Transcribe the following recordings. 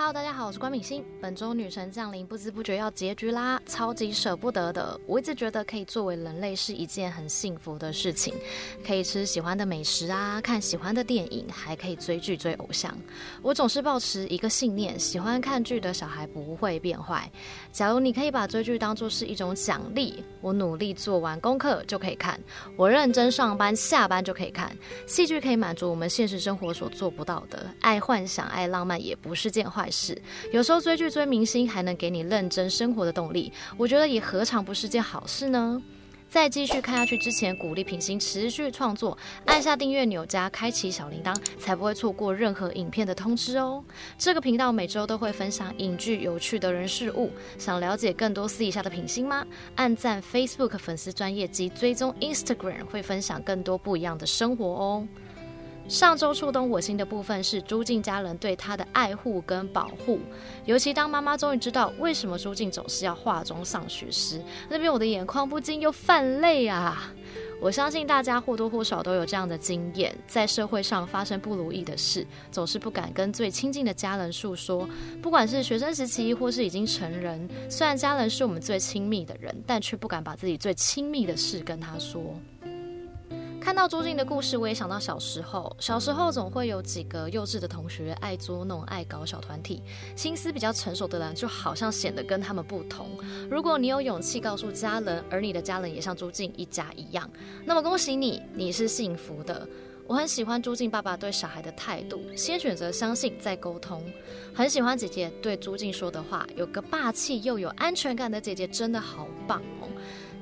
Hello，大家好，我是官品心。本週女神降臨，不知不覺要結局啦，超級舍不得的。我一直覺得可以作為人類是一件很幸福的事情，可以吃喜歡的美食啊，看喜歡的電影，還可以追劇追偶像。我總是抱持一個信念，喜歡看劇的小孩不會變壞。假如你可以把追劇當做是一種獎勵，我努力做完功課就可以看，我認真上班下班就可以看。戲劇可以滿足我們現實生活所做不到的，愛幻想，愛浪漫也不是件壞。是，有時候追劇追明星還能給你認真生活的動力，我覺得也何嘗不是件好事呢？在繼續看下去之前，鼓勵品心持續創作，按下訂閱鈕加開啟小鈴鐺，才不會錯過任何影片的通知哦。這個頻道每周都會分享影劇有趣的人事物，想了解更多私底下的品心嗎？按讚 Facebook 粉絲專頁，及追蹤 Instagram，會分享更多不一樣的生活哦。上週觸動我心的部分是朱靜家人對她的愛護跟保護，尤其當媽媽終於知道為什麼朱靜總是要化妝上學時，那邊我的眼眶不禁又泛淚啊！我相信大家或多或少都有這樣的經驗，在社會上發生不如意的事，總是不敢跟最親近的家人訴說，不管是學生時期或是已經成人，雖然家人是我們最親密的人，但卻不敢把自己最親密的事跟他說。看到朱靜的故事，我也想到小時候。小時候總會有幾個幼稚的同學，愛捉弄、愛搞小團體。心思比較成熟的人，就好像顯得跟他們不同。如果你有勇氣告訴家人，而你的家人也像朱靜一家一樣，那麼恭喜你，你是幸福的。我很喜歡朱靜爸爸對小孩的態度，先選擇相信，再溝通。很喜歡姐姐對朱靜說的話，有個霸氣又有安全感的姐姐，真的好棒。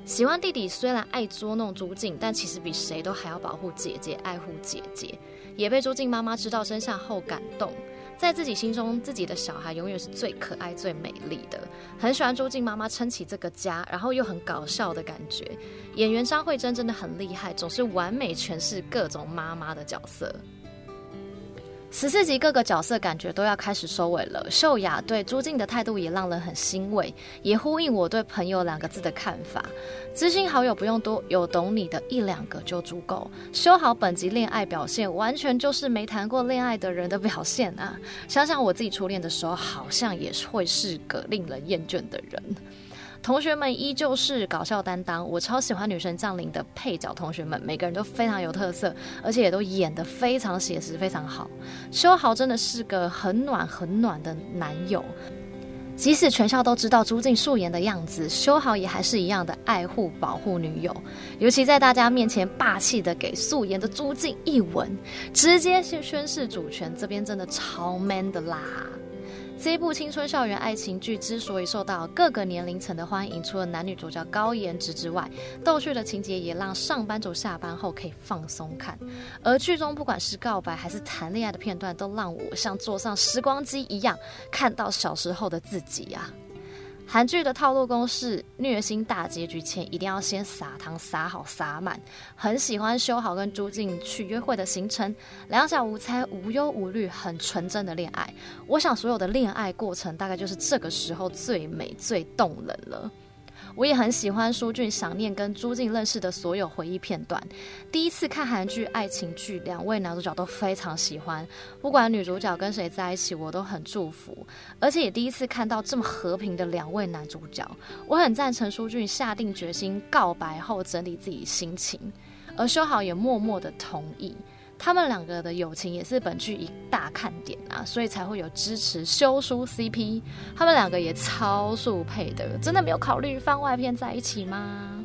喜歡弟弟雖然愛捉弄朱靜，但其實比誰都還要保護姐姐、愛護姐姐，也被朱靜媽媽知道真相後感動。在自己心中，自己的小孩永遠是最可愛、最美麗的。很喜歡朱靜媽媽撐起這個家，然後又很搞笑的感覺。演員張慧珍真，真的很厲害，總是完美詮釋各種媽媽的角色。十四集各個角色感覺都要開始收尾了，秀雅對朱靜的態度也讓人很欣慰，也呼應我對“朋友”兩個字的看法。知心好友不用多，有懂你的一兩個就足夠。修豪本集戀愛表現，完全就是沒談過戀愛的人的表現啊！想想我自己初戀的時候，好像也會是個令人厭倦的人。同學們依舊是搞笑擔當，我超喜歡《女神降臨》的配角。同學們每個人都非常有特色，而且也都演得非常寫實，非常好。修豪真的是個很暖很暖的男友，即使全校都知道朱靜素顏的樣子，修豪也還是一樣的愛護保護女友。尤其在大家面前霸氣地給素顏的朱靜一吻，直接宣宣示主權，這邊真的超 man 的啦！這一部青春校園愛情劇之所以受到各個年齡層的歡迎，除了男女主角高顏值之外，逗趣的情節也讓上班族下班後可以放鬆看。而劇中不管是告白還是談戀愛的片段，都讓我像坐上時光機一樣，看到小時候的自己呀、啊。韓劇的套路公式，虐心大結局前一定要先撒糖，撒好撒滿。很喜歡修豪跟朱靜去約會的行程，兩小無猜、無憂無慮、很純真的戀愛，我想所有的戀愛過程大概就是這個時候最美最動人了。我也很喜歡書竣，想念跟朱靜認識的所有回憶片段。第一次看韓劇愛情劇，兩位男主角都非常喜歡，不管女主角跟誰在一起，我都很祝福。而且也第一次看到這麼和平的兩位男主角，我很贊成書竣下定決心告白後整理自己心情，而修豪也默默的同意。他們兩個的友情也是本劇一大看點啊，所以才會有支持修書 CP。他們兩個也超速配的，真的沒有考慮番外篇在一起嗎？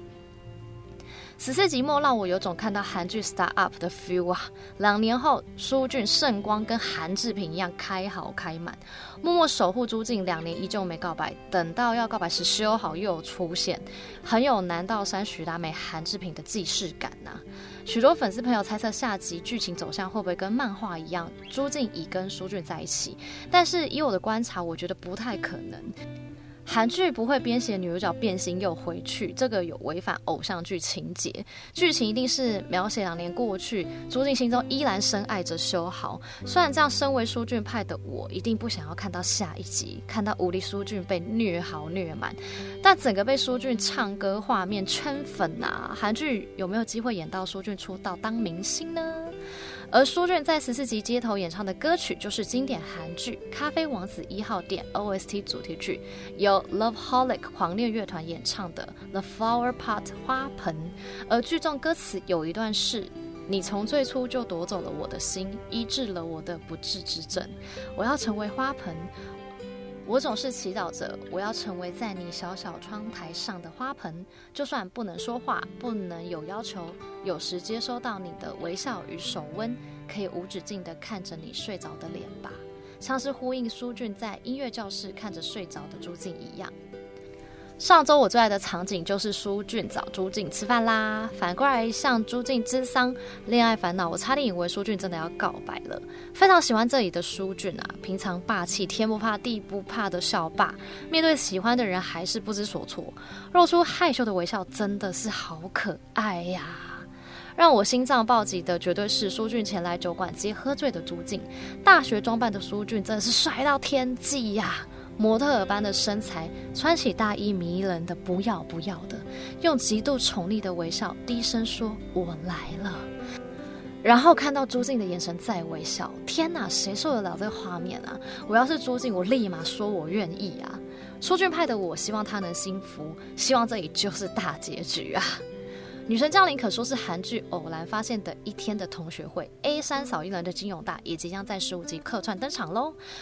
十四集末讓我有種看到韓劇 Start-Up 的 feel 啊！兩年後，書竣聖光跟韓志平一樣開好開滿，默默守護朱靜，兩年依舊沒告白，等到要告白時修好又出現，很有南道山徐達美韓志平的既視感吶、啊。許多粉絲朋友猜測下集劇情走向會不會跟漫畫一樣，朱靜怡跟書竣在一起？但是以我的觀察，我覺得不太可能。韓劇不會編寫女主角變形又回去，這個有違反偶像劇情節。劇情一定是描寫兩年過去，朱靜心中依然深愛着修豪。雖然這樣，身為書竣派的我一定不想要看到下一集，看到無力書竣被虐好虐滿。但整個被書竣唱歌畫面圈粉啊！韓劇有沒有機會演到書竣出道當明星呢？而書竣在十四集街頭演唱的歌曲就是經典韓劇《咖啡王子一號店》OST 主題曲，由 Love Holic 狂戀樂團演唱的《The Flower Pot 花盆》，而劇中歌詞有一段是“你從最初就奪走了我的心，醫治了我的不治之症，我要成為花盆”。我總是祈禱着，我要成為在你小小窗臺上的花盆，就算不能說話，不能有要求，有時接收到你的微笑與手溫，可以無止境地看着你睡着的臉吧，像是呼應書竣在音樂教室看着睡着的朱靜一樣。上週我最愛的場景就是書竣找朱靜吃飯啦，反過來向朱靜諮商戀愛煩惱，我差點以為書竣真的要告白了。非常喜歡這裡的書竣啊，平常霸氣天不怕地不怕的校霸，面對喜歡的人還是不知所措，露出害羞的微笑真的是好可愛呀、啊！讓我心臟暴擊的絕對是書竣前來酒館接喝醉的朱靜，大學裝扮的書竣真的是帥到天際呀、啊！模特兒般的身材，穿起大衣迷人的不要不要的，用極度寵溺的微笑低聲說：“我來了。”然後看到朱靜的眼神再微笑，天吶，誰受得了這個畫面啊！我要是朱靜，我立馬說我願意啊！書竣派的我希望他能幸福，希望這裡就是大結局啊！女神降臨可說是韓劇偶然發現的一天的同學會。A 三掃一輪的金永大也即將在十五集客串登場嘍，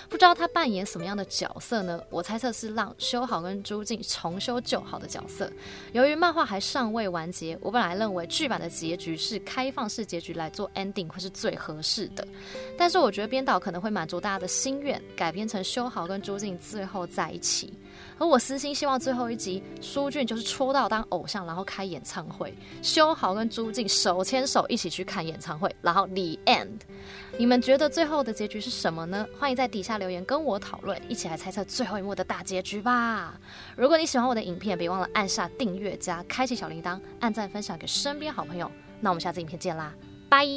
不知道他扮演什麼樣的角色呢？我猜測是讓修豪跟朱靜重修舊好的角色。由於漫畫還尚未完結，我本來認為劇版的結局是開放式結局來做 ending 會是最合適的，但是我覺得編導可能會滿足大家的心願，改編成修豪跟朱靜最後在一起。而我私心希望最後一集，書竣就是出道當偶像，然後開演唱會，修豪跟朱靜手牽手一起去看演唱會，然後 The End。你們覺得最後的結局是什麼呢？歡迎在底下留言跟我討論，一起來猜測最後一幕的大結局吧！如果你喜歡我的影片，別忘了按下訂閱加開啟小鈴鐺，按讚分享給身邊好朋友。那我們下次影片見啦，拜！